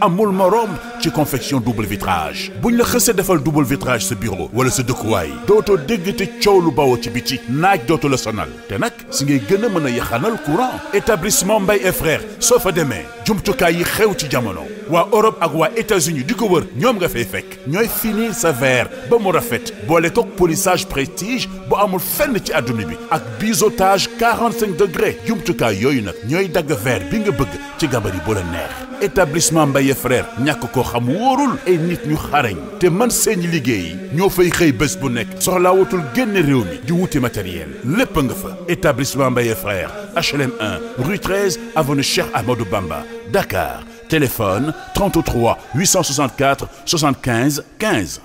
amul morom ci confection double vitrage buñ la xësee defal double vitrage sa bureau wala sa dëkkuwaay dootoo dégg te coow lu bawoo ci ci naaj dootu la sonal te nag si ngay gën a mën a yaxanal courant établissement Mbaye et frères soo fa demee jumtukaay yi xew ci jamono waa Europe ak waa États-Unis di ko wër ñoom nga fay fekk ñooy finir sa verre ba mu rafet boole kook polissage prestige bu amul fenn ci àdduna bi ak biseautage 45 degrés jumtukaay yooyu nag ñooy dagg verre bi nga bëgg ci gabari bu la neex établissement Mbaye frère ñàkk koo xam woorul ay nit ñu xarañ te man seeni liggéey ñoo fay xëy bés bu nekk soxlaa wutul génne réew mi di wuti matériel lépp nga fa établissement Mbaye frère HLM 1 rue 13 avenue Cheikh Amadou Bamba Dakar téléphone 33 864 75 15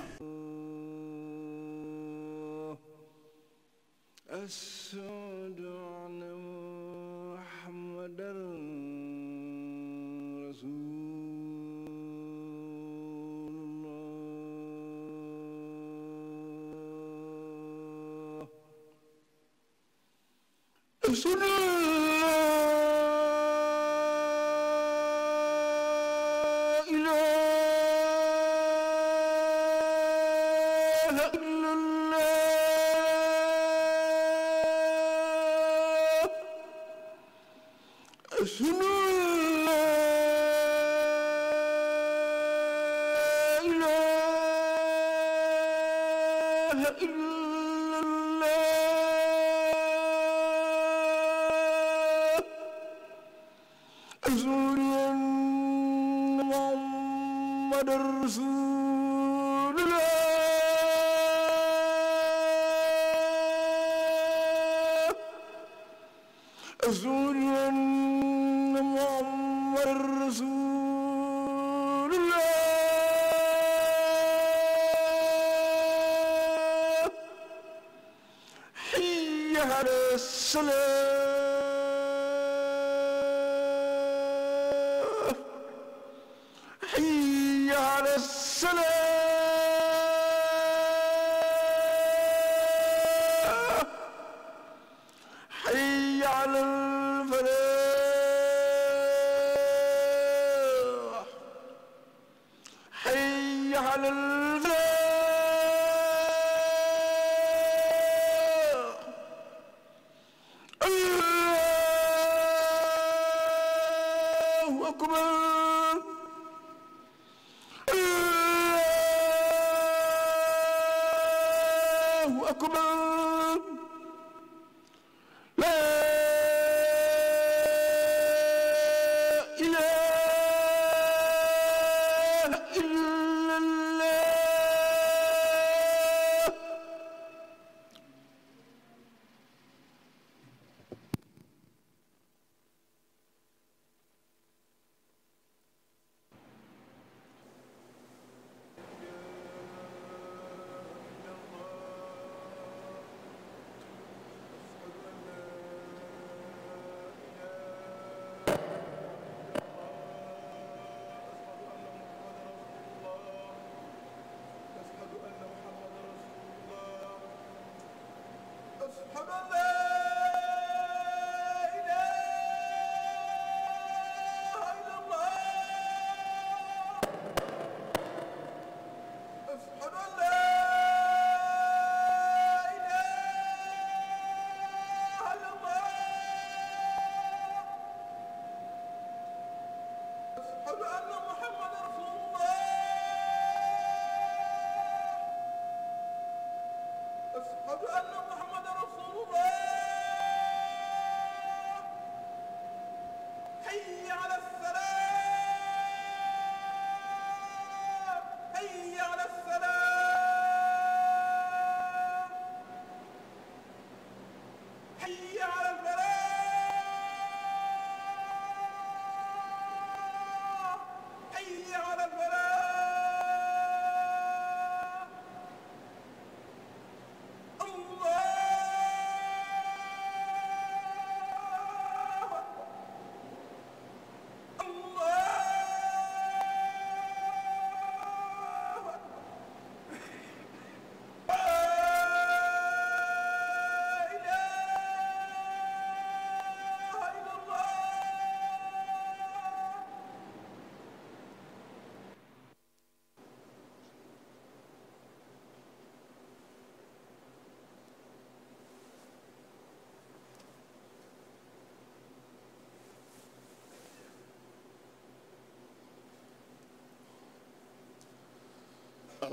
إلا أشهد أن محمد رسول الله حي على السلام أكبر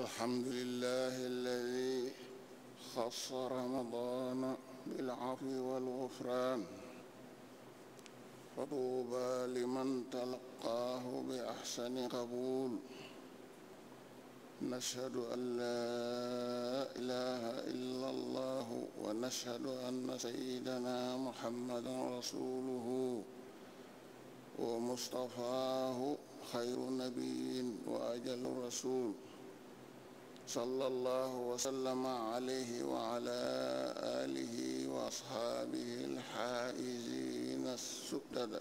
الحمد لله الذي خص رمضان بالعفو والغفران فطوبى لمن تلقاه بأحسن قبول نشهد أن لا إله إلا الله ونشهد أن سيدنا محمدا رسوله ومصطفاه خير نبي وأجل رسول صلى الله وسلم عليه وعلى آله وأصحابه الحائزين السدد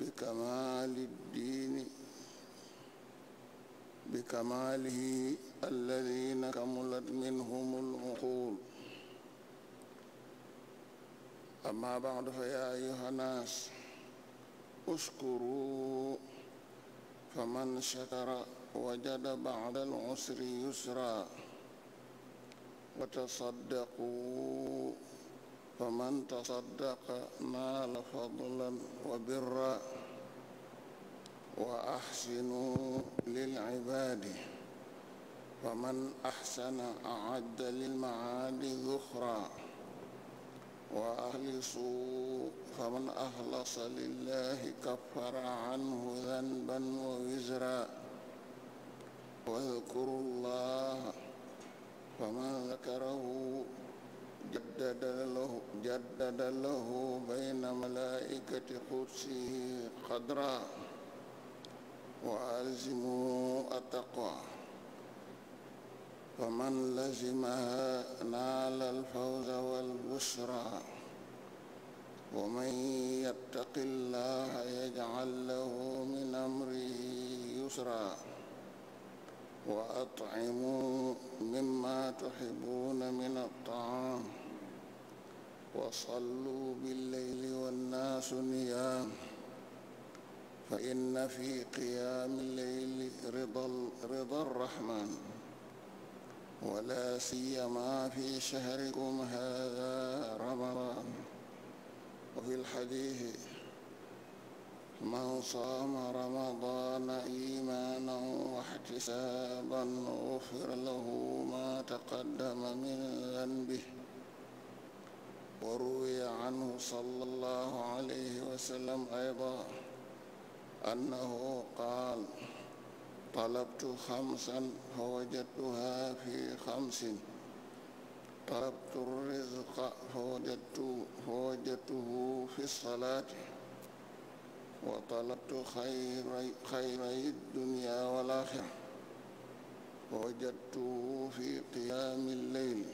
بكمال الدين بكماله الذين كملت منهم العقول أما بعد فيا أيها الناس اشكروا فمن شكر وجد بعد العسر يسرا وتصدقوا فمن تصدق نال فضلا وبرا وأحسنوا للعباد فمن أحسن أعد للمعاد ذخرا وأخلصوا فمن أخلص لله كفر عنه ذنبا ووزرا واذكروا الله فمن ذكره جدد له, جدد له بين ملائكة قدسه قدرا وألزموا التقوى فمن لزمها نال الفوز وال بشرى ومن يتق الله يجعل له من أمره يسرا وأطعموا مما تحبون من الطعام وصلوا بالليل والناس نيام فإن في قيام الليل رضا, رضا الرحمن ولا سيما في شهركم هذا رمضان وفي الحديث من صام رمضان إيمانا واحتسابا غفر له ما تقدم من ذنبه وروي عنه صلى الله عليه وسلم أيضا أنه قال طلبت خمسا فوجدتها في خمس طلبت الرزق فوجدته, فوجدته في الصلاة وطلبت خيري, خيري الدنيا والآخرة ووجدته في قيام الليل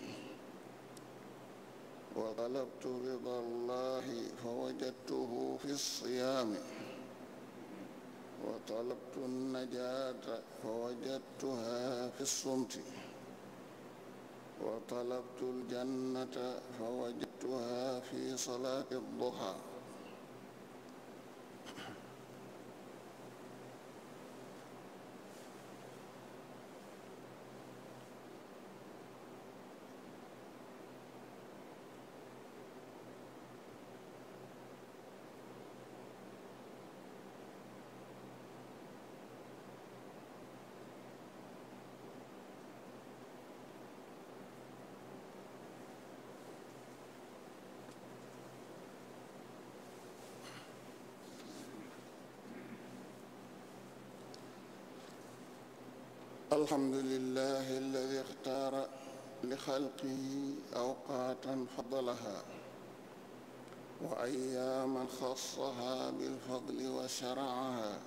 وطلبت رضا الله فوجدته في الصيام طلبت النجاة فوجدتها في الصمت وطلبت الجنة فوجدتها في صلاة الضحى الحمد لله الذي اختار لخلقه أوقاتا فضلها وأياما خصها بالفضل وشرعها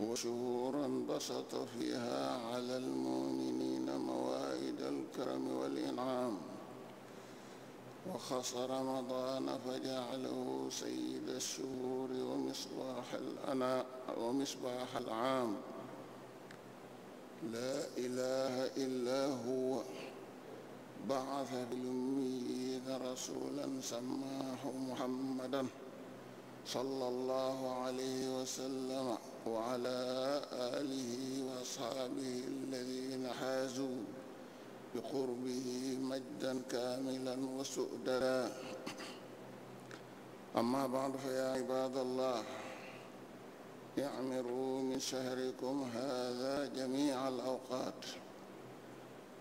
وشهورا بسط فيها على المؤمنين موائد الكرم والإنعام وخص رمضان فجعله سيد الشهور ومصباح الأنا ومصباح العام لا إله إلا هو بعث بالأميين رسولا سماه محمدا صلى الله عليه وسلم وعلى آله وأصحابه الذين حازوا بقربه مجدا كاملا وسؤددا أما بعد فيا عباد الله اعمروا من شهركم هذا جميع الأوقات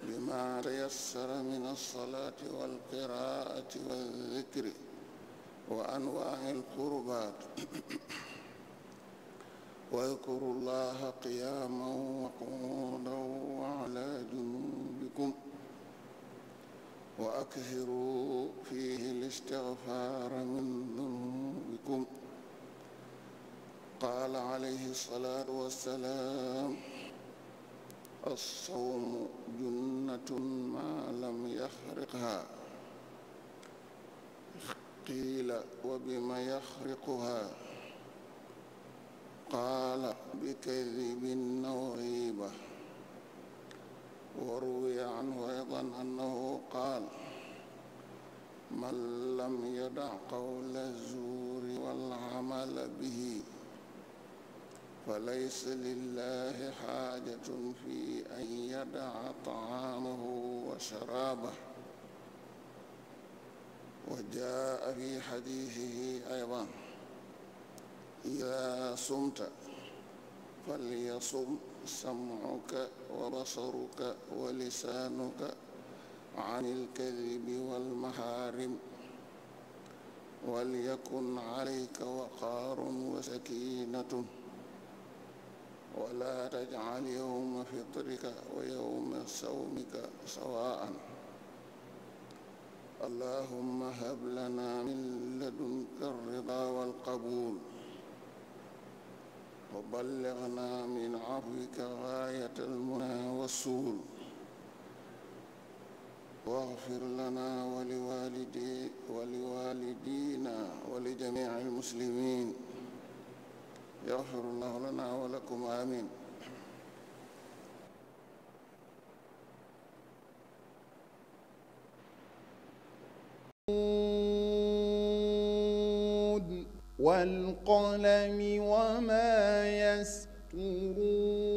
بما تيسر من الصلاة والقراءة والذكر وأنواع القربات واذكروا الله قياما وقعودا وعلى جنوبكم وأكثروا الصلاة والسلام الصوم جنة ما لم يخرقها قيل وبما يخرقها قال بكذب أو غيبة وروي عنه أيضا أنه قال من لم يدع قول الزور والعمل به فليس لله حاجة في أن يدع طعامه وشرابه وجاء في حديثه أيضا إذا صمت فليصم سمعك وبصرك ولسانك عن الكذب والمحارم وليكن عليك وقار وسكينه ولا تجعل يوم فطرك ويوم صومك سواء اللهم هب لنا من لدنك الرضا والقبول وبلغنا من عفوك غاية المنى والسول واغفر لنا ولوالدي ولوالدينا ولجميع المسلمين يغفر الله لنا ولكم آمين والقلم وما يسطرون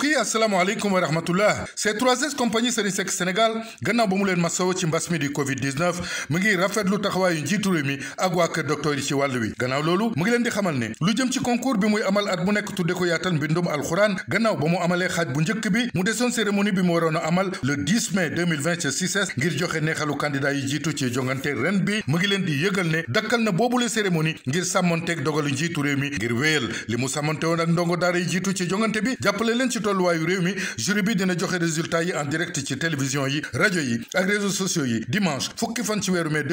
mbokk yi asalaamaaleykum wa rahmatullah C3S compagnie Serigne Seck Sénégal gannaaw ba mu leen masawoo ci mbas mi di Covid 19 mu ngi rafetlu taxawaayu njiitu réew mi ak waa kër docteur yi ci wàll wi gannaaw loolu mu ngi leen di xamal ne lu jëm ci concours bi muy amal at mu nekk tudde ko yaatal mbindum alxuraan gannaaw ba mu amalee xaaj bu njëkk bi mu desoon cérémonie bi mu waroon a amal le 10 mai 2020 ca CICES ngir joxe neexalu candidat yi jiitu ci jongante di na boobule cérémonie ngir sàmmonteeg dogalu njiitu li mu sàmmonte tolluwaayu réew mi jury bi dina joxe résultat yi en direct ci télévision yi rajo yi ak réseaux sociaux yi dimanche fukki fan ci weeru mai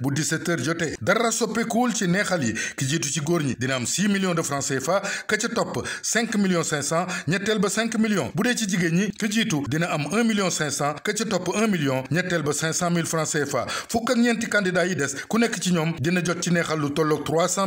bu 17h jotee dara soppeekuwul ci neexal yi ki jiitu ci góor ñi dina am 6 de francs CFA ka ca topp 5 millions 500 ñetteel ba 5 bu dee ci jigéen ñi ki jiitu dina am 1 million 500 ka ca topp 1 million ñetteel ba 500 000 francs fukk ak ñeenti candidat yi des ku nekk ci ñoom dina jot ci neexal lu tolloog 300